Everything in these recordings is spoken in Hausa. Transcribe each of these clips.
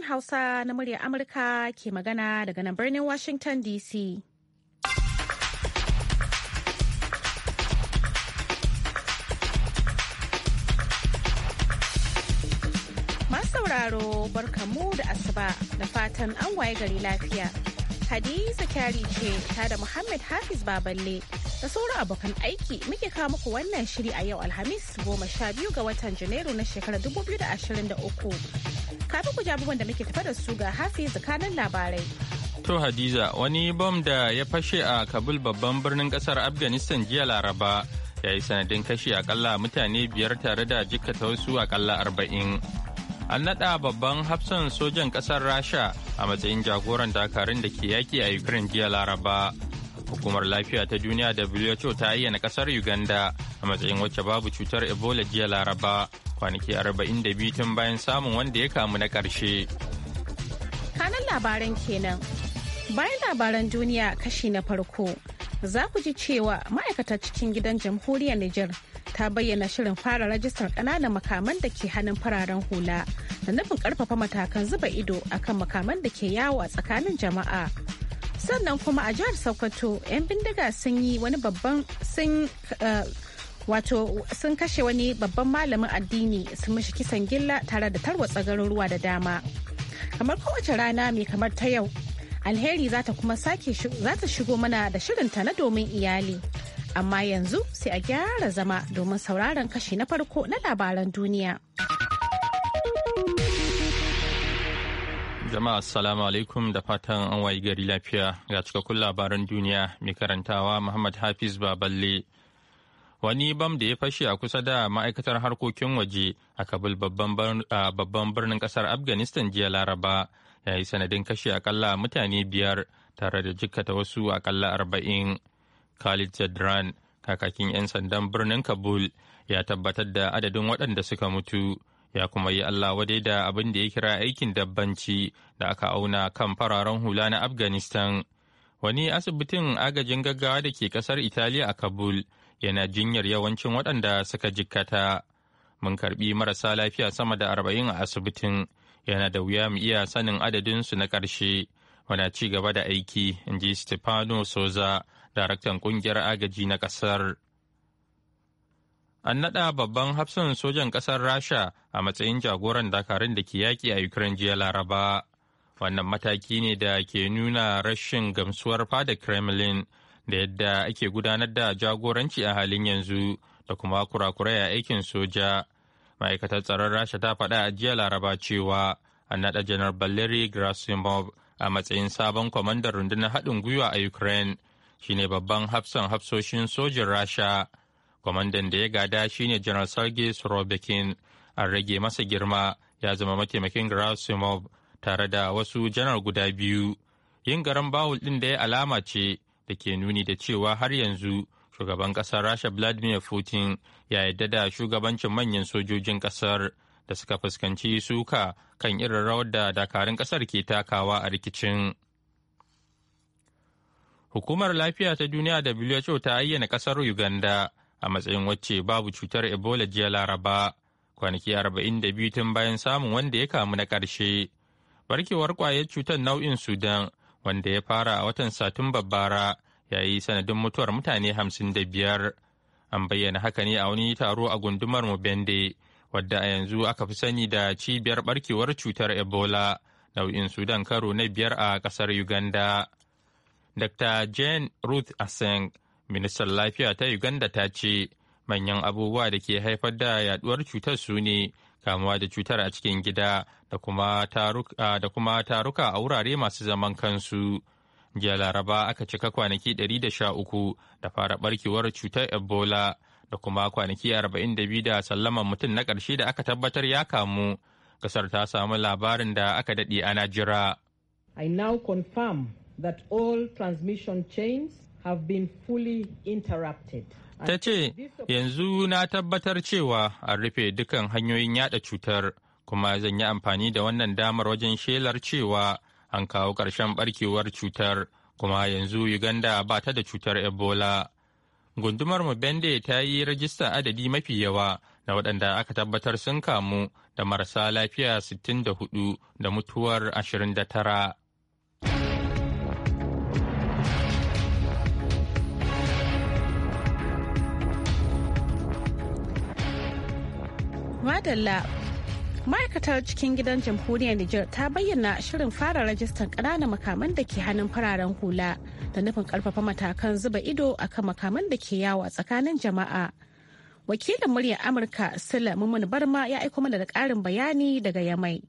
sashen Hausa na murya Amurka ke magana daga nan birnin Washington DC. sauraro barkamu da asuba da fatan an waye gari lafiya. Hadiza kyari ce ta da Muhammad Hafiz Baballe da sauran abokan aiki muke kawo muku wannan shiri a yau Alhamis goma sha biyu ga watan Janairu na shekarar 2023. Kafin ku ji abubuwan da muke tafa da su ga hafi tsakanin labarai. To Hadiza, wani bom da ya fashe a Kabul babban birnin kasar Afghanistan jiya Laraba ya yi sanadin kashe akalla mutane biyar tare da jikkata wasu akalla arba'in. An naɗa babban hafsan sojan ƙasar Rasha a matsayin jagoran dakarun da ke yaƙi a Ukraine jiya Laraba. Hukumar lafiya ta duniya WHO ta ayyana ƙasar Uganda a matsayin wacce babu cutar Ebola jiya Laraba kwanaki 42 tun bayan samun wanda ya kamu na karshe. kanan labaran kenan bayan labaran duniya kashi na farko za ku ji cewa ma'aikata cikin gidan jamhuriyar Nijar ta bayyana shirin fara rajistar ƙananan makaman da ke hannun fararen hula da nufin karfafa matakan zuba ido akan makaman da ke yawo a tsakanin jama'a. Sannan kuma a jihar Sokoto 'yan bindiga sun yi wani babban sun eh, wato sun kashe wani babban malamin addini sun mishi kisan gilla tare da tarwatsa garuruwa da dama kamar kowace rana mai kamar ta yau alheri za ta kuma sake za ta shigo mana da shirinta na domin iyali amma yanzu sai a gyara zama domin sauraron kashi na farko na labaran duniya jama'a assalamu alaikum da fatan an wayi gari lafiya ga cikakkun labaran duniya mai karantawa muhammad hafiz baballe wani bam da ya fashe a kusa da ma'aikatar harkokin waje a kabul babban birnin kasar afghanistan jiya laraba ya yi sanadin kashe akalla mutane biyar tare da jikkata wasu akalla arba'in khalid zadran kakakin 'yan sandan birnin kabul ya tabbatar da adadin waɗanda suka mutu ya kuma yi allah wadai da abin da ya kira aikin dabbanci da aka auna kan fararen hula na afghanistan wani asibitin agajin gaggawa da ke kasar italiya a kabul yana jinyar yawancin waɗanda suka jikkata mun karbi marasa lafiya sama da arba'in a asibitin yana da wuya mu iya sanin adadin su na ƙarshe muna ci gaba da aiki in ji stefano soza daraktan ƙungiyar agaji na ƙasar an naɗa babban hafsan sojan ƙasar rasha a matsayin jagoran dakarun da ke yaƙi a ukraine jiya laraba wannan mataki ne da ke nuna rashin gamsuwar fada kremlin da yadda ake gudanar da jagoranci a halin yanzu da kuma kurakurai a aikin soja ma'aikatar tsaron rasha ta faɗa a jiya laraba cewa a naɗa janar baleri Grasimov a matsayin sabon kwamandan rundunar haɗin gwiwa a Ukraine shine babban hafsan hafsoshin sojin Rasha. Kwamandan da ya gada shine janar Sergei surobekin an rage masa girma ya zama mataimakin Grasimov tare da wasu janar guda biyu. Yin garan bawul ɗin da ya alama ce da ke nuni da cewa har yanzu shugaban kasar rasha vladimir putin ya yarda da shugabancin manyan sojojin kasar da suka fuskanci suka kan irin rawar da dakarun kasar ke takawa a rikicin hukumar lafiya ta duniya da who ta ayyana kasar uganda a matsayin wacce babu cutar ebola jiya laraba kwanaki 42 tun bayan samun wanda ya kamu na ƙarshe barkewar kwayar cutar nau'in sudan wanda ya fara a watan satumba bara ya yi sanadin mutuwar mutane hamsin da biyar an bayyana haka ne a wani taro a gundumar mu mubende wadda a yanzu aka fi sani da cibiyar barkewar cutar ebola nau'in sudan karo na biyar a kasar uganda dr jane ruth aseng ministan lafiya ta uganda ta ce manyan abubuwa da ke haifar da yaduwar cutar su ne kamuwa da cutar a cikin gida da kuma taruka a wurare masu zaman kansu. Jiya Laraba aka cika kwanaki 113 da fara barkewar cutar Ebola da kuma kwanaki 42 da sallaman mutum na ƙarshe da aka tabbatar ya kamu. Kasar ta samu labarin da aka daɗe a jira. I now confirm that all transmission chains have been fully interrupted. Ta ce, yanzu na tabbatar cewa an rufe dukan hanyoyin yada cutar, kuma zan yi amfani da wannan damar wajen shelar cewa an kawo ƙarshen barkewar cutar, kuma yanzu Uganda ba ta da cutar Ebola. Gundumar Mubende ta yi rajista adadi mafi yawa na waɗanda aka tabbatar sun kamu da marasa lafiya 64 da mutuwar 29. Madalla ma'aikatar cikin gidan jamhuriyar niger ta bayyana shirin fara rajistan ƙananan makaman da ke hannun fararen hula da nufin karfafa matakan zuba ido akan makaman da ke yawo a tsakanin jama'a. Wakilin muryar Amurka sila Mumun Barma ya aiko mana da ƙarin bayani daga Yamai.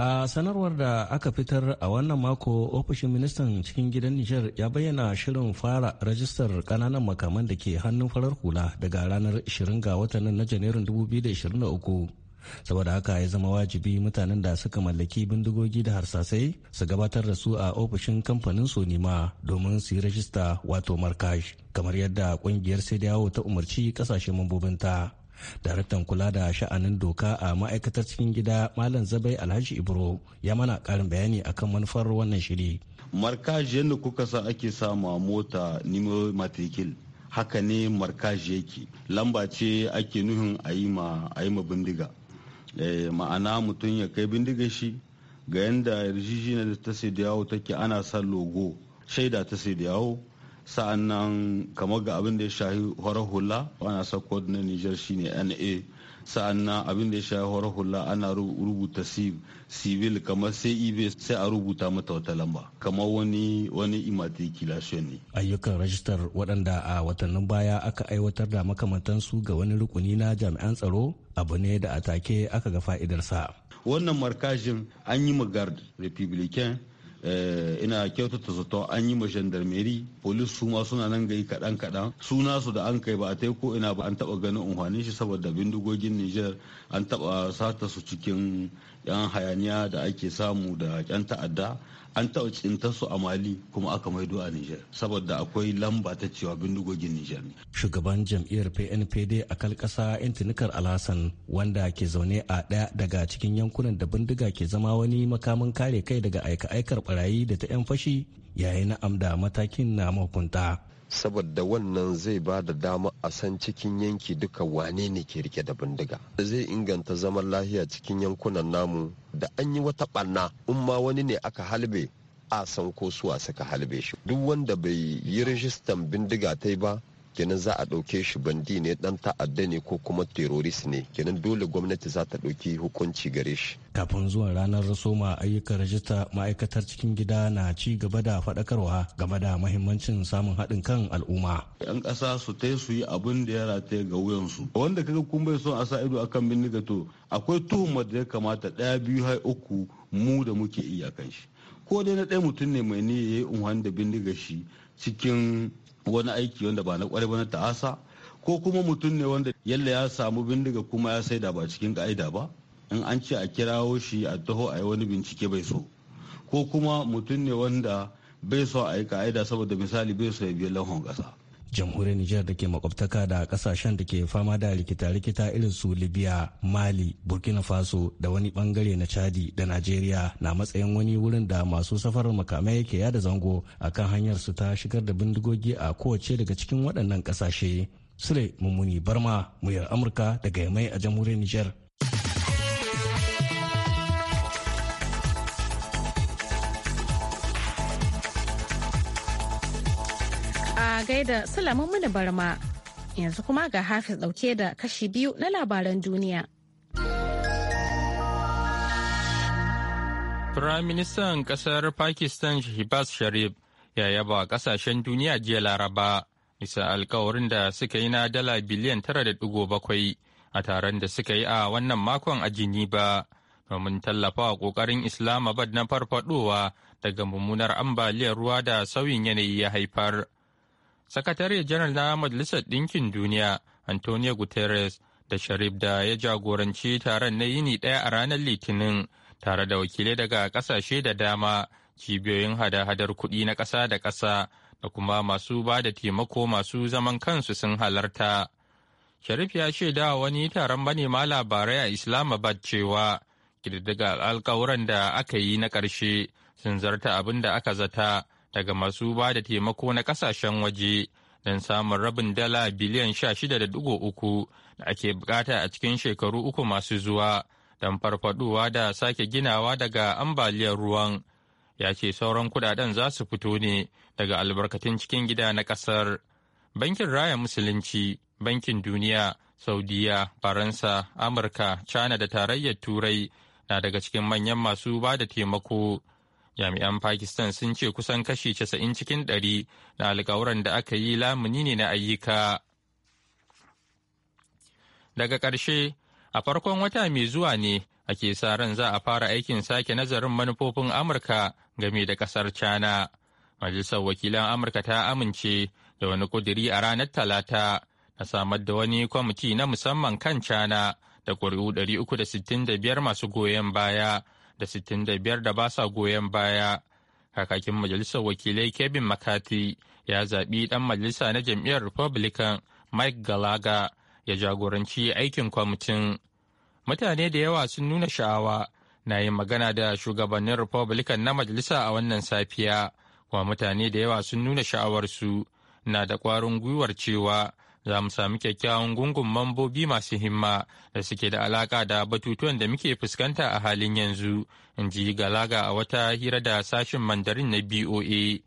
A sanarwar da aka fitar a wannan mako ofishin ministan cikin gidan Nijar ya bayyana shirin fara rajistar kananan makaman da ke hannun farar hula daga ranar 20 ga watan na Janairun 2023. saboda haka ya zama wajibi mutanen da suka mallaki bindigogi da harsasai su gabatar da su a ofishin kamfanin sonima domin su yi rajista wato markash kamar yadda kungiyar sai yawo ta umarci kasashen mambobinta daraktan kula da sha'anin doka a ma'aikatar cikin gida malam zabai alhaji ibro ya mana karin bayani akan manufar wannan shiri markaji yadda kuka sa ake samu a mota nemo matrikil haka ne markaji yake lamba ce ake nuhin a yi ma bindiga eh, ma'ana mutum ya kai bindiga shi ga yadda yarjejina da ta sai da yawo take ana sa logo shaida ta sai da yawo sa'an nan kamar ga abin da ya shahi horar hula ana sako na nijar shine na sa'an nan abin da ya shahi horar hula ana rubuta civil kamar ibe sai a rubuta mata wata lamba kamar wani wani immatriculation ne ayyukan rajistar waɗanda a watannin baya aka aiwatar da makamantansu ga wani rukuni na jami'an tsaro abu ne da a take aka ga fa'idarsa wannan markashin an yi magard republican Eh, ina kyautata zato an yi ma gendarmeri polis su ma suna nan gai kaɗan kaɗan suna su da an kai ba a tai ko ina ba an taɓa ganin unhwanin shi saboda bindigogin niger an taɓa sata su cikin yan hayaniya da ake samu da yan ta'adda an taɓa su a mali kuma aka maido a niger saboda akwai lamba ta cewa bindigogin niger ne shugaban jam'iyyar pnpd a kal ƙasa alhassan wanda ke zaune a ɗaya daga cikin yankunan da bindiga ke zama wani makamin kare kai daga aika-aikar barayi da ta 'yan fashi yayi na'am da matakin na mahukunta saboda wannan zai ba da dama a san cikin yanki duka wane ne ke rike da bindiga zai inganta zaman lahiya cikin yankunan namu da an yi wata ɓanna in ma wani ne aka halbe a san ko suwa suka halbe shi duk wanda bai yi rijistan bindiga ta ba kenan za a ɗauke shi bandi ne dan ta'adda ne ko kuma terorist ne kenan dole gwamnati za ta ɗauki hukunci gare shi kafin zuwa ranar rasoma ayyukan rajista ma'aikatar cikin gida na ci gaba da faɗakarwa game da mahimmancin samun haɗin kan al'umma yan ƙasa su tai su yi abin da ya rataya ga wuyansu wanda kaga kun bai son a sa ido akan bindiga to akwai tuhumar da ya kamata ɗaya biyu har uku mu da muke iya kan shi ko dai na ɗaya mutum ne mai niyya ya yi unhan da bindiga shi cikin wani aiki wanda ba na kwarai ba na ta'asa ko kuma mutum ne wanda yalla ya samu bindiga kuma ya saida ba cikin ka'ida ba in an ce a kirawo shi a taho a yi wani bincike bai so ko kuma mutum ne wanda bai so a yi ka'ida saboda misali bai so ya biya lahon kasa jamhuriyar nijar da ke makwabtaka da kasashen da ke fama da rikita-rikita irin su libya mali burkina faso da wani bangare na chadi da najeriya na matsayin wani wurin da masu safarar makamai yake yada zango a kan hanyar su ta shigar da bindigogi a kowace daga cikin waɗannan kasashe sule mummuni barma muyar amurka daga yamai a jamhuriyar nijar gaida Sulaiman Muni Barma. Yanzu kuma ga Hafiz dauke da kashi biyu na labaran duniya. Firaministan kasar Pakistan Shehbaz Sharif ya yaba kasashen duniya jiya Laraba bisa alkawarin da suka yi na dala biliyan tara da dugo bakwai a taron da suka yi a wannan makon a Geneva domin tallafa tallafawa ƙoƙarin Islamabad na farfadowa daga mummunar ambaliyar ruwa da sauyin yanayi ya haifar. sakatare janar na majalisar ɗinkin duniya antonio guterres da sharif da ya jagoranci taron na yini ɗaya a ranar litinin tare da wakilai daga ƙasashe da dama cibiyoyin hada-hadar kuɗi na ƙasa da ƙasa da kuma masu ba da taimako masu zaman kansu sun halarta sharif ya shaida wani taron manema labarai a islamabad cewa ƙididdiga alkawuran da aka yi na ƙarshe sun zarta abin da aka zata daga masu ba da taimako na kasashen waje don samun rabin dala biliyan 16.3 da ake bukata a cikin shekaru uku masu zuwa don farfaduwa da sake ginawa daga ambaliyar ruwan ya ce sauran kudaden za su fito ne daga albarkatun cikin gida na kasar bankin raya musulunci bankin duniya saudiya faransa amurka china da tarayyar turai na daga cikin manyan masu ba da taimako jami'an pakistan sun ce kusan kashi 90 cikin 100 na alkawuran da aka yi lamuni ne na ayyuka daga ƙarshe a farkon wata mai zuwa ne ake sa ran za a fara aikin sake nazarin manufofin amurka game da ƙasar china majalisar wakilan amurka ta amince da wani kudiri a ranar talata na samar da wani kwamiti na musamman kan china da ƙuri'u 365 masu goyon baya da sittin da biyar ba sa goyon baya. Kakakin Majalisar Wakilai Kevin Makati ya zaɓi ɗan majalisa na jam'iyyar Republican Mike galaga ya jagoranci aikin kwamitin. Mutane da yawa sun nuna sha'awa na yin magana da shugabannin Republican na majalisa a wannan safiya, kuma mutane da yawa sun nuna sha'awarsu na da ƙwarin gwiwar cewa za mu sami kyakkyawan gungun mambobi masu himma da suke da alaka da batutuwan da muke fuskanta a halin yanzu in ji galaga a wata hira da sashen mandarin na boa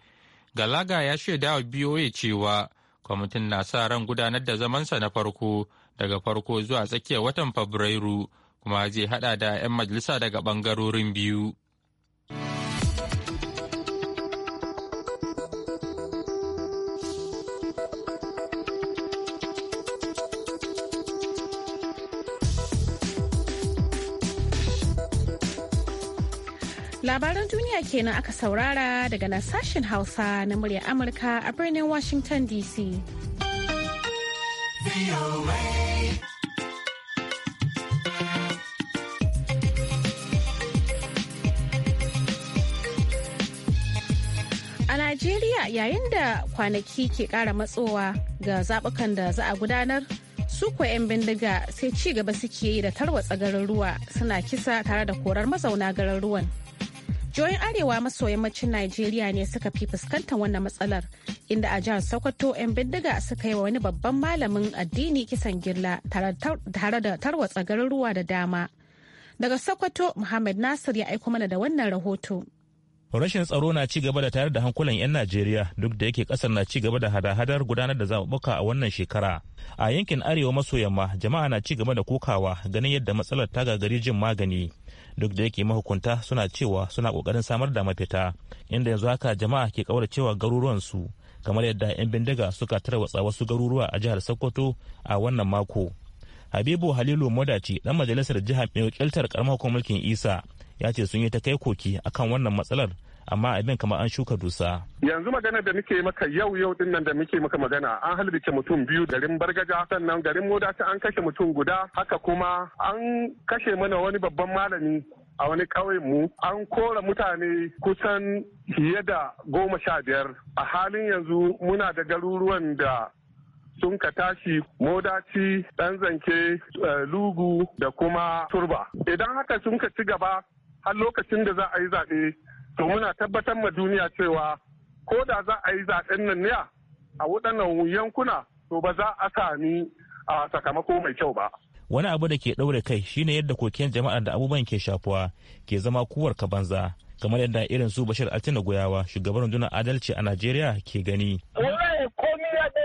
galaga ya shaida wa boa cewa kwamitin na sa ran gudanar da zamansa na farko daga farko zuwa tsakiyar watan fabrairu kuma zai hada da 'yan majalisa daga bangarorin biyu Labaran duniya kenan aka saurara daga nan sashen Hausa na muryar Amurka a birnin Washington DC. A Najeriya yayin da kwanaki ke ƙara matsowa ga zaɓukan da za a gudanar su kuwa 'yan bindiga sai ci gaba suke yi da tarwatsa garin ruwa suna kisa tare da korar mazauna garin ruwan. Jihohin Arewa maso yammacin Najeriya ne suka fi fuskantar wannan matsalar inda a jihar Sokoto 'yan bindiga suka yi wa wani babban malamin addini kisan gilla tare da tarwatsa ruwa da dama. Daga Sokoto, Muhammad Nasir ya aiko mana da wannan rahoto. rashin tsaro na ci gaba da tayar da hankulan 'yan najeriya duk da yake kasar na ci gaba da hada-hadar gudanar da zaɓuɓɓuka a wannan shekara a yankin arewa maso yamma jama'a na ci gaba da kokawa ganin yadda matsalar ta gagari jin magani duk da yake mahukunta suna cewa suna kokarin samar da mafita inda yanzu haka jama'a ke kawar cewa garuruwansu kamar yadda 'yan bindiga suka tarwatsa wasu garuruwa a jihar sokoto a wannan mako habibu halilu modaci dan majalisar jihar mai wakiltar karamar mulkin isa ya ce sun yi ta kai koki akan wannan matsalar amma abin kamar an shuka dusa. Yanzu magana da muke maka yau yau din nan da muke maka magana an halbice mutum biyu garin Bargaja sannan garin Modata an kashe mutum guda haka kuma an kashe mana wani babban malami a wani mu an kora mutane kusan fiye da goma sha biyar a halin yanzu muna da garuruwan da sun ka tashi modaci ɗan zanke eh, lugu da kuma turba idan haka sun ka ci gaba har lokacin da za a yi zaɓe to muna tabbatar ma duniya cewa ko da za a yi zaɓen nan ne a waɗannan yankuna to ba za a sami a sakamako mai kyau ba. Wani abu da ke ɗaure kai shine yadda koken jama'ar da abubuwan ke shafuwa ke zama kuwar ka banza kamar yadda irin su Bashir Altina Goyawa shugaban rundunar adalci a Najeriya ke gani.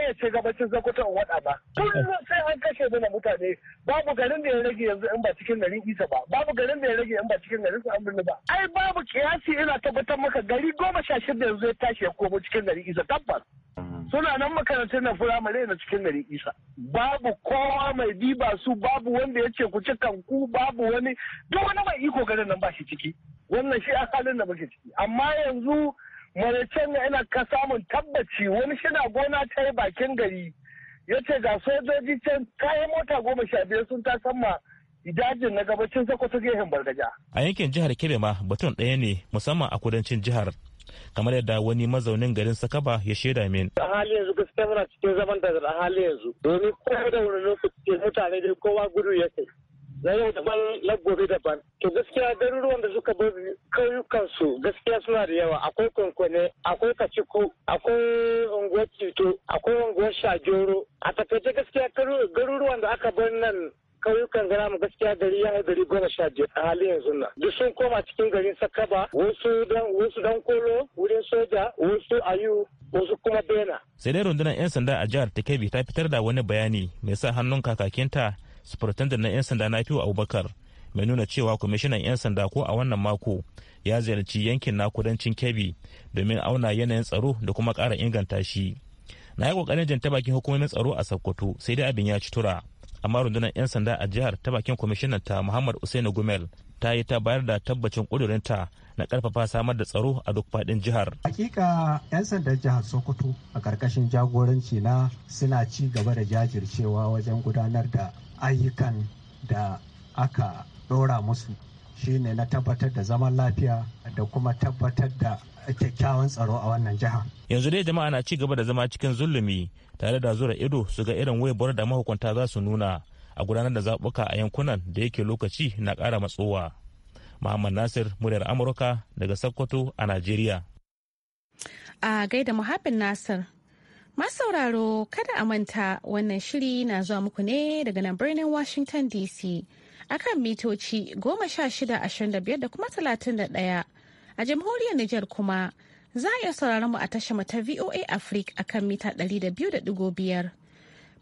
iya ce gabacin Sokoto wada ba. Kullum sai an kashe mana mutane babu garin da ya rage yanzu in ba cikin garin Isa ba. Babu garin da ya rage in ba cikin garin an Birni ba. Ai babu kiyasi ina tabbatar maka gari goma sha shida yanzu ya tashi ya komo cikin garin Isa tabbas. Suna nan makarantar na firamare na cikin garin Isa. Babu kowa mai diba su babu wanda ya ce ku ci kanku babu wani duk wani mai iko garin nan ba shi ciki. Wannan shi a halin da muke ciki. Amma yanzu maraicen na ina ka samun tabbaci wani shina gona ta yi bakin gari ya ce ga sojoji can kayan mota goma sha biyar sun ta sama dajin na gabacin sokoto gehen bargaja. a yankin jihar kebe ma batun ɗaya ne musamman a kudancin jihar kamar yadda wani mazaunin garin sakaba ya shaida min. a hali yanzu gaskiya muna cikin zaman da a hali yanzu domin kowa da wani lokaci mutane dai kowa gudu ya kai na yau daban na daban to gaskiya garuruwan da suka bar su gaskiya suna da yawa akwai kwankwane akwai kaciku akwai unguwar cito akwai unguwar shajoro a takaice gaskiya garuruwan da aka bar nan kauyukan gana mu gaskiya gari ya gari goma sha biyu a halin yanzu nan duk sun koma cikin garin sakaba wasu dan wasu dan kolo wurin soja wasu ayu wasu kuma bena sai dai rundunar yan sanda a jihar ta kebbi ta fitar da wani bayani mai sa hannun kakakinta superintendent na 'yan sanda na fiwa abubakar mai nuna cewa kwamishinan 'yan sanda ko a wannan mako ya ziyarci yankin na kudancin kebbi domin auna yanayin tsaro da kuma ƙara inganta shi na yi ƙoƙarin jan ta bakin hukumomin tsaro a sokoto sai dai abin ya ci tura amma rundunar 'yan sanda a jihar ta bakin kwamishinan ta muhammad usainu gumel ta yi ta bayar da tabbacin ƙudurinta na karfafa samar da tsaro a duk faɗin jihar. Hakika 'yan sandan jihar Sokoto a ƙarƙashin jagoranci na suna ci gaba da jajircewa wajen gudanar da ayyukan da aka ɗora musu shine na tabbatar da zaman lafiya da kuma tabbatar da kyakkyawan tsaro a wannan jiha. Yanzu dai jama'a na ci gaba da zama cikin zulumi tare da zura ido su ga irin waibuwar da mahukunta za su nuna a gudanar da zaɓuka a yankunan da yake lokaci na ƙara matsowa. Muhammad Nasir muryar Amurka daga Sokoto a Najeriya. A gaida Muhammad Nasir sauraro kada a manta wannan shiri na zuwa muku ne daga nan birnin Washington DC akan mitoci goma 1625 da kuma 31 a jamhuriyar Nijar kuma za a iya sauraron mu a tashar ta VOA Africa akan mita ɗari da da biyu biyar.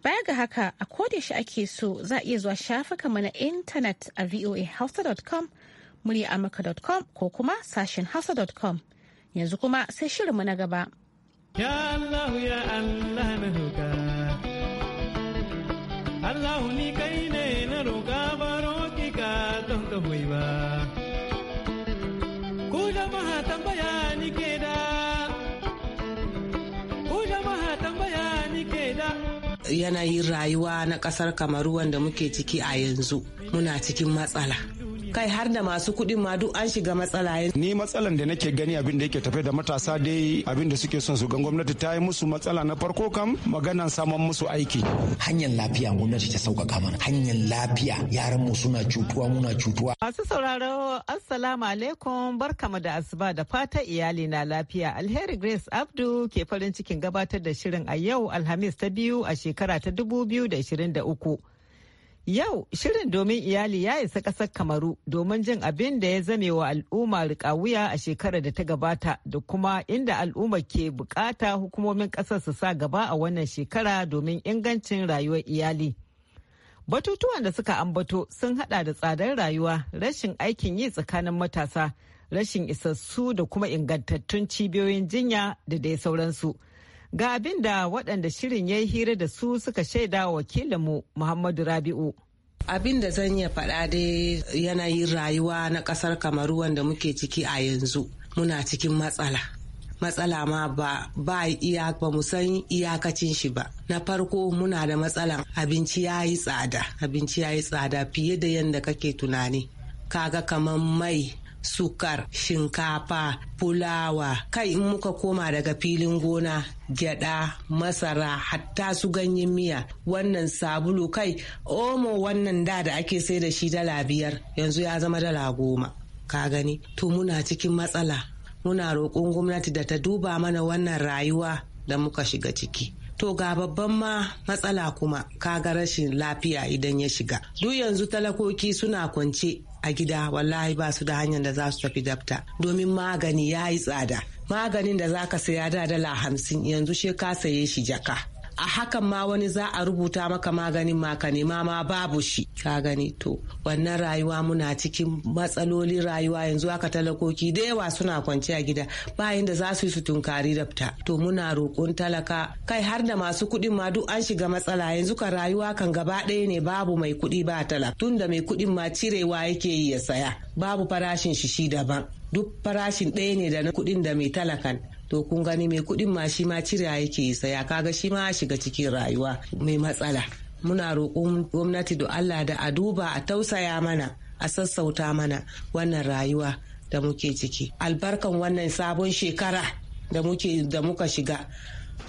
baya ga haka a shi ake so za a iya zuwa shafuka mana intanet a voahausa.com murya amurka.com ko kuma sashen hausa.com yanzu kuma sai shirinmu na gaba. Ya Allah ya Allah na roƙa Allah ni kai ne na roƙa baro ki ka don ka hoyi ba Ku jama'a tambaya ni ke da Ku jama'a tambaya ni ke da yanayin rayuwa na ƙasar kamaru wanda muke ciki a yanzu muna cikin matsala kai har da masu kuɗin ma duk an shiga matsala ni matsalan da nake gani abin da yake tafe da matasa dai abin da suke son su ga gwamnati ta yi musu matsala na farko kam maganan saman musu aiki hanyar lafiya gwamnati ta sauƙaƙa mana hanyar lafiya yaran mu suna cutuwa muna cutuwa masu sauraro assalamu alaikum barkamu da asuba da fata iyali na lafiya alheri grace abdu ke farin cikin gabatar da shirin a yau alhamis ta biyu a shekara ta dubu biyu da da uku. Yau shirin domin iyali ya isa ƙasar Kamaru domin jin abin da ya zame wa al'umma rikawuya a shekarar da ta gabata da kuma inda al'umma ke bukata hukumomin ƙasar su sa gaba a wannan shekara domin ingancin rayuwar iyali. Batutuwan da suka ambato sun hada da tsadar rayuwa, rashin aikin yi tsakanin matasa, rashin isassu da kuma ingantattun cibiyoyin jinya da dai sauransu. Ga abin da waɗanda shirin ya yi hira da su suka shaida mu Muhammadu Rabi'u. Abin da zan iya faɗa dai yanayin rayuwa na ƙasar Kamaru wanda muke ciki a yanzu muna cikin matsala. Matsala ma ba ba iya ba mu san iyakacin shi ba. Na farko muna da matsalan abinci ya yi tsada, abinci ya yi tsada fiye da yadda kake tunani. Kaga kamar mai sukar shinkafa fulawa kai in muka koma daga filin gona gyada masara hatta su ganyen miya wannan sabulu kai omo wannan da da ake sai da shi dala biyar yanzu ya zama dala goma ka gani to muna cikin matsala muna roƙon gwamnati da ta duba mana wannan rayuwa da muka shiga ciki to ga babban ma matsala kuma ka ga rashin lafiya idan ya shiga duk yanzu talakoki suna kwance a gida wallahi ba su da hanyar da za su tafi dafta domin magani ya yi tsada maganin da za ka saya da dala hamsin yanzu shi ka saye shi jaka a hakan ma wani za a rubuta maka maganin maka ne ma babu shi ka gani to wannan rayuwa muna cikin matsalolin rayuwa yanzu haka talakoki da yawa suna kwance a gida bayan da za su yi su tunkari da fita to muna roƙon talaka kai har da masu kuɗin ma duk an shiga matsala yanzu ka rayuwa kan gaba ɗaya ne babu mai kuɗi ba talaka tunda mai kuɗin ma cirewa yake yi ya saya babu farashin shi shi daban duk farashin ɗaya ne da na kuɗin da mai talakan to kun gani mai kuɗin ma shi ma cira yake saya kaga shi ma shiga cikin rayuwa mai matsala muna roƙon gwamnati da Allah da a duba a tausaya mana a sassauta mana wannan rayuwa da muke ciki albarkan wannan sabon shekara da muka shiga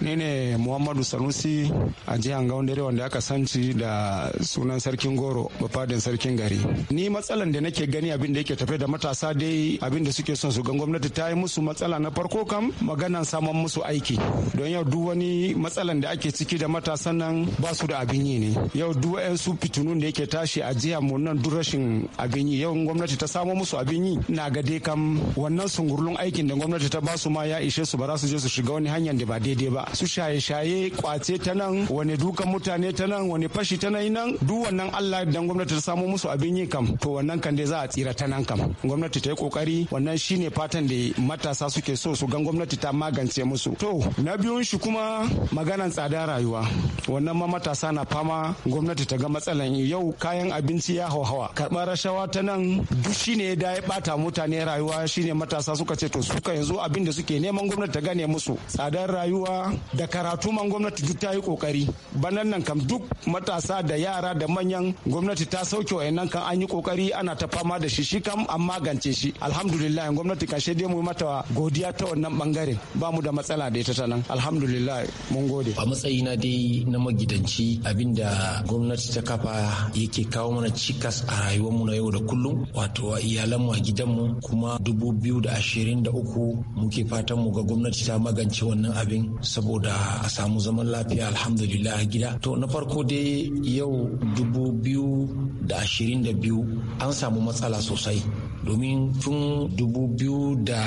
ni ne muhammadu sanusi a jihar gaundare wanda aka sanci da sunan sarkin goro bafadin sarkin gari ni matsalan da nake gani abin da yake tafe da matasa dai abin da suke son su ga gwamnati ta yi musu matsala na farko kam maganan saman musu aiki don yau duk wani matsalan da ake ciki da matasan nan ba su da abin yi ne yau duk su fitinun da yake tashi a jihar mu nan duk rashin abin yi yau gwamnati ta samo musu abin yi na ga dai kam wannan sungurlun aikin da gwamnati ta ba su ma ya ishe su ba za su je su shiga wani hanyar da ba daidai ba ba su shaye-shaye kwace ta nan wani dukan mutane ta nan wani fashi ta nan nan duk wannan Allah dan gwamnati ta samu musu abin yi kam to wannan kan dai za a tsira ta nan kam gwamnati ta yi kokari wannan shine fatan da matasa suke so su gan gwamnati ta magance musu to na biyun shi kuma maganan tsada rayuwa wannan ma matasa na fama gwamnati ta ga matsalan yau kayan abinci ya hauhawa karɓar rashawa ta nan duk shine da ya bata mutane rayuwa shine matasa suka ce to suka yanzu abin da suke neman gwamnati ta gane musu tsadar rayuwa da karatu man gwamnati duk ta yi kokari banan nan kam duk matasa da yara da manyan gwamnati ta sauke wa wayannan kan an yi kokari ana ta fama da shi shi kam an magance shi alhamdulillah gwamnati kan shaide mu mata godiya ta wannan bangare ba mu da matsala da ita ta nan alhamdulillah mun gode a matsayi matsayina dai na magidanci abinda gwamnati ta kafa yake kawo mana cikas a rayuwar mu na yau da kullum wato a iyalan mu a gidan mu kuma dubu biyu da ashirin da uku muke fatan mu ga gwamnati ta magance wannan abin saboda a samu zaman lafiya alhamdulillah gida to na farko dai yau dubu biyu da ashirin da biyu an samu matsala sosai domin tun dubu biyu da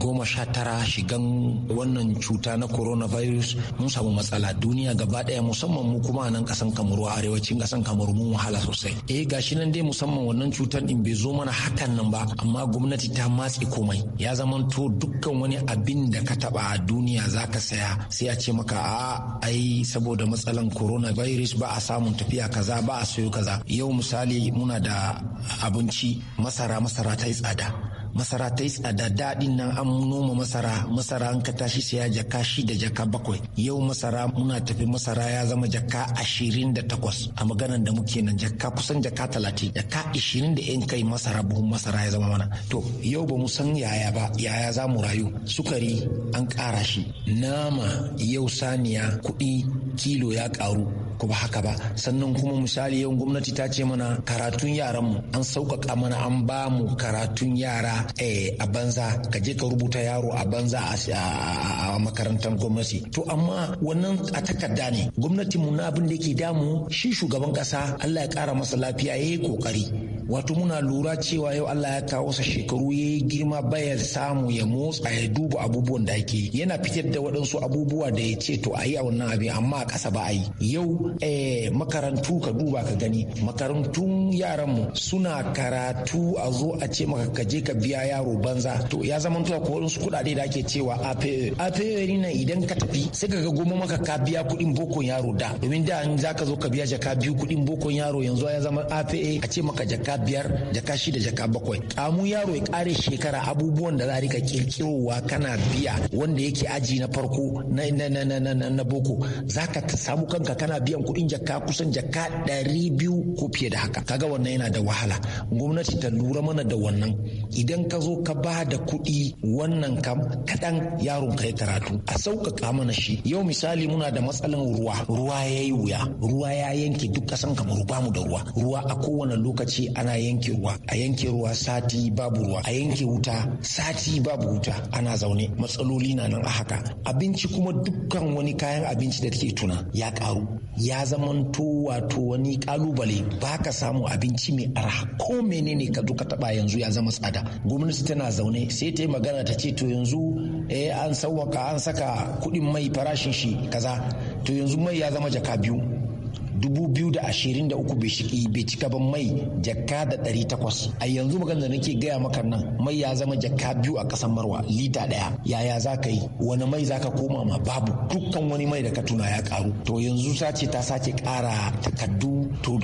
goma sha tara shigan wannan cuta na coronavirus mun samu matsala duniya gaba daya musamman mu kuma nan kasan kamaru a arewacin kasan kamaru mun wahala sosai eh gashi nan dai musamman wannan cutar din bai zo mana hakan nan ba amma gwamnati ta matse komai ya to dukkan wani abin da ka taba a duniya zaka saya sai a ce maka a ai saboda matsalan coronavirus ba a samun tafiya kaza ba a sayo kaza yau misali muna da abinci masara masara ta yi tsada masara ta yi tsada daɗin nan an noma masara masara an ka tashi siya jaka shida jaka bakwai yau masara muna tafi masara ya zama jaka ashirin da takwas a magana da muke nan jaka kusan jaka talatin jaka ashirin da yan kai masara buhun masara ya zama mana to yau ba mu san yaya ba yaya za mu rayu sukari an ƙara shi nama yau saniya kuɗi kilo ya ƙaru ko ba haka ba sannan kuma misali yau gwamnati ta ce mana karatun yaran mu an sauƙaƙa mana an ba mu karatun yara eh, a banza ka je ka rubuta yaro a banza a makarantar gwamnati to amma wannan a takarda ne gwamnatin mu na abin da ke damu shi shugaban ƙasa Allah ya ƙara masa lafiya yayi kokari wato muna lura cewa yau Allah ya kawo sa shekaru ya yi girma baya samu ya motsa ya duba abubuwan da ake yana fitar da waɗansu abubuwa da ya ce to a yi a wannan abin amma a ƙasa ba a yi yau eh, makarantu ka duba ka gani makarantun mu suna karatu a zo a ce maka ka je ka biya yaro banza to ya zama to ko wasu kuɗaɗe da ake cewa afe afe idan ka tafi sai ka ga goma maka ka biya kuɗin bokon yaro da domin da za zaka zo ka biya jaka biyu kuɗin bokon yaro yanzu ya zama afe a ce maka jaka biyar jaka shida jaka bakwai kamu yaro ya kare shekara abubuwan da za a rika kirkirowa kana biya wanda yake aji na farko na na na na na, boko zaka samu kanka kana biyan kuɗin jaka kusan jaka ɗari biyu ko fiye da haka kaga wannan yana da wahala gwamnati ta lura mana da wannan idan ka zo ka ba da kuɗi wannan kam kaɗan yaron ka ya karatu a sauƙaƙa mana shi yau misali muna da matsalan ruwa ruwa ya yi wuya ruwa ya yanke duk ƙasan kamar ba mu da ruwa ruwa a kowane lokaci ana yanke ruwa a yanke ruwa sati babu ruwa a yanke wuta sati babu wuta ana zaune matsaloli na nan a haka abinci kuma dukkan wani kayan abinci da take tuna ya karu ya zamanto wato wani kalubale baka samu abinci mai arha ko menene ka zo ka taba yanzu ya zama tsada gwamnati tana zaune sai ta yi magana ta ce to yanzu eh an sauwaka an saka kuɗin mai farashin shi kaza to yanzu mai ya zama jaka biyu 2023 bishiki bai cika ban mai jakka da 800 a yanzu magana da nake gaya maka nan mai ya zama jakka biyu a kasan marwa lita daya yaya za ka yi wani mai za ka koma ma babu dukkan wani mai da ka tuna ya karu to yanzu sace ta sace kara takaddu to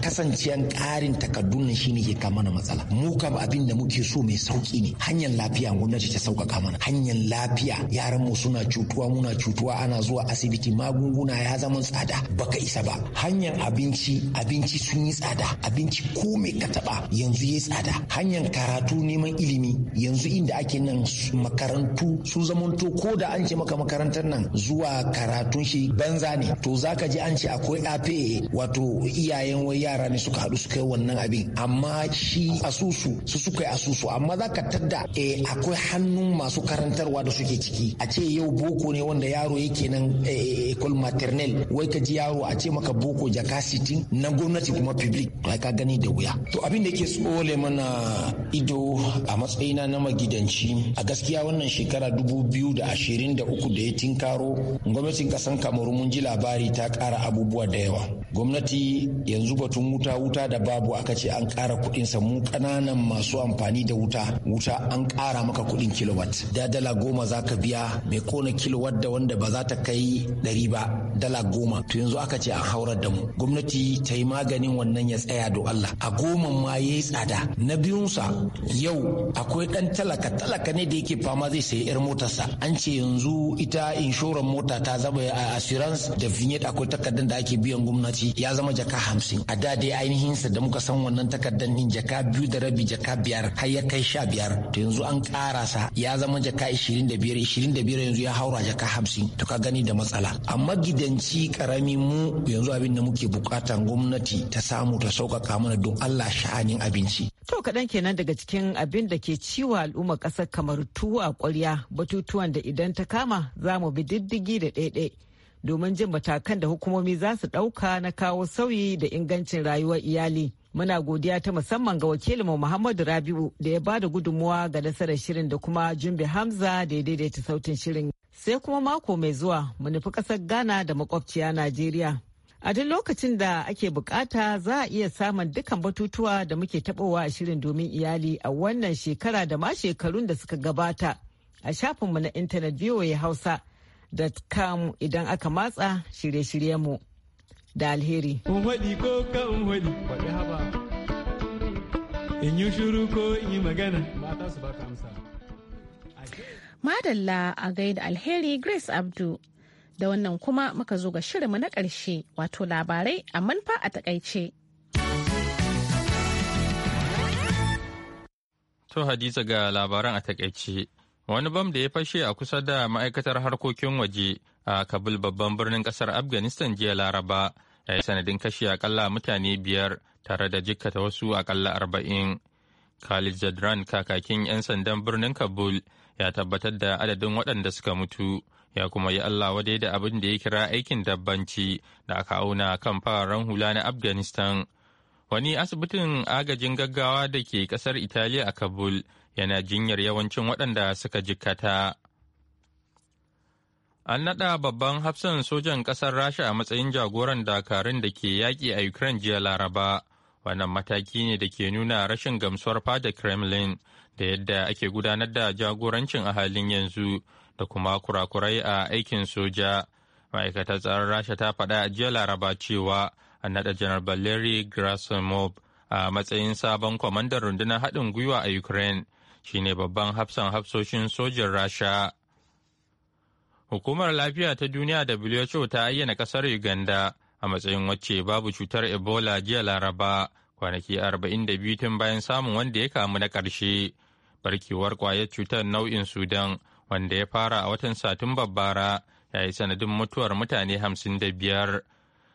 kasancewan karin takaddun nan shine ke kama mana matsala mu ka abin da muke so mai sauki ne hanyar lafiya gwamnati ta sauƙaƙa mana hanyar lafiya yaran mu suna cutuwa muna cutuwa ana zuwa asibiti magunguna ya zama tsada baka isa ba hanyar abinci abinci sun yi tsada abinci ko mai ka taba yanzu ya tsada hanyar karatu neman ilimi yanzu inda ake nan makarantu sun zamanto ko da an ce maka makarantar nan zuwa karatun shi banza ne to zaka ji an ce akwai A.P.E wato iyayen wai yara ne suka haɗu suka yi wannan abin amma shi asusu su suka yi asusu amma zaka tadda eh akwai hannun masu karantarwa da suke ciki a ce yau boko ne wanda yaro yake nan eh, eh, eh maternel wai ka ji yaro a ce maka boko koko jaka sitin na gwamnati kuma public ai ka gani da wuya to abin da yake tsole mana ido a matsayina na magidanci a gaskiya wannan shekara dubu biyu da ashirin da uku da ya tinkaro gwamnatin kasan kamarun mun ji labari ta kara abubuwa da yawa gwamnati yanzu batun wuta wuta da babu aka ce an kara kuɗin sa mu kananan masu amfani da wuta wuta an kara maka kuɗin kilowatt da dala goma za ka biya mai kona kilowatt da wanda ba za ta kai ɗari ba dala goma to yanzu aka ce a haurar da mu gwamnati ta yi maganin wannan ya tsaya do Allah a goma ma ya yi tsada na biyunsa yau akwai dan talaka talaka ne da yake fama zai sayi yar motarsa an ce yanzu ita inshoran mota ta zama a assurance da vinyet akwai takardar da ake biyan gwamnati ya zama jaka hamsin a da dai ainihin sa da muka san wannan takardar din jaka biyu da rabi jaka biyar har ya kai sha biyar to yanzu an kara sa ya zama jaka 25 25 yanzu ya haura jaka hamsin to ka gani da matsala amma gida magidanci karami mu yanzu abin da muke bukatan gwamnati ta samu ta sauƙaƙa mana don Allah sha'anin abinci. To kaɗan kenan daga cikin abin da ke ciwa al'ummar ƙasar kamar tuwo a ƙwarya batutuwan da idan ta kama za mu bi diddigi da ɗaiɗai domin jin matakan da hukumomi za su ɗauka na kawo sauyi da ingancin rayuwar iyali. Muna godiya ta musamman ga wakilinmu Muhammadu Rabi'u da ya bada gudunmuwa ga nasarar shirin da kuma Jumbe Hamza da ya daidaita sautin shirin. Sai kuma mako mai zuwa mu nufi ƙasar Ghana da makwabciya Najeriya. A duk lokacin da ake bukata za a iya samun dukkan batutuwa da muke tabowa a shirin domin iyali a wannan shekara da ma shekarun da suka gabata a shafinmu na intanet hausa.com idan aka matsa shirye-shiryenmu. mu. da alheri. ko in yi ko in yi magana mata su Madalla a gaida alheri Grace Abdu. Da wannan kuma muka zo ga shirinmu na ƙarshe wato labarai a manfa a takaice. To Hadiza ga labaran a takaice. wani bam da ya fashe a kusa da ma'aikatar harkokin waje a kabul babban birnin kasar afghanistan jiya laraba ya yi sanadin kashe akalla mutane biyar tare da jikkata wasu akalla arba'in khalid zadran kakakin 'yan sandan birnin kabul ya tabbatar da adadin waɗanda suka mutu ya kuma yi allah wadai da abin da ya kira aikin dabbanci da aka auna kan fararen hula na afghanistan wani asibitin agajin gaggawa da ke kasar italiya a kabul yana jinyar yawancin waɗanda suka jikkata. An naɗa babban hafsan sojan ƙasar Rasha a matsayin jagoran dakarun da ke yaƙi a Ukraine jiya Laraba. Wannan mataki ne da ke nuna rashin gamsuwar fada Kremlin da yadda ake gudanar da jagorancin a halin yanzu da kuma kurakurai a aikin soja. Ma'aikatar tsaron Rasha ta faɗa a jiya Laraba cewa an naɗa Janar Valery Grasimov a matsayin sabon kwamandan rundunar haɗin gwiwa a Ukraine shine babban hafsan hafsoshin sojin rasha hukumar lafiya ta duniya da who ta ayyana kasar uganda a matsayin wacce babu cutar ebola jiya laraba kwanaki 42 tun bayan samun wanda ya kamu na ƙarshe barkewar kwayar cutar nau'in sudan wanda ya fara a watan satin bara ya yi sanadin mutuwar mutane 55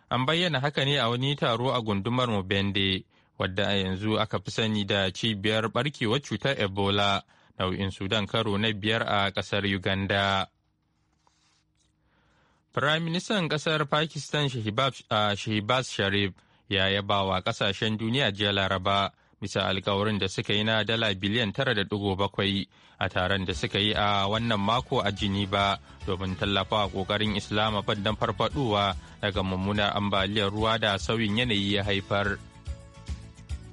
an bayyana haka ne a wani taro a gundumar mubende wadda a yanzu aka fi sani da cibiyar barkewar cutar ebola nau'in sudan karo na biyar a kasar uganda Firaministan kasar Pakistan Shehbaz Sharif ya yaba wa kasashen duniya jiya Laraba bisa alkawarin da suka yi na dala biliyan 9.7 a taron da suka yi a wannan mako a Geneva domin tallafa tallafawa ƙoƙarin Islamabad don farfaɗowa daga mummunar ambaliyar ruwa da sauyin yanayi ya haifar.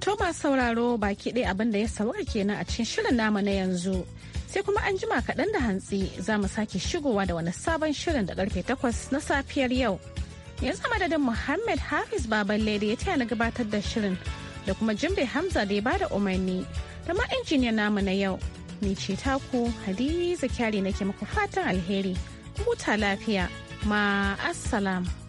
To masu sauraro baki ɗaya abin da ya sauka kenan a cikin shirin namu na yanzu. Sai kuma an jima kaɗan da hantsi za mu sake shigowa da wani sabon shirin da ƙarfe takwas na safiyar yau. Yanzu madadin Muhammad Hafiz Baban Lady ya taya na gabatar da shirin da kuma Jimbe Hamza da ya ba da umarni da ma injiniya namu na yau. Ni ce taku Hadiza Kyari nake muku fatan alheri. Huta lafiya. ma'asalam.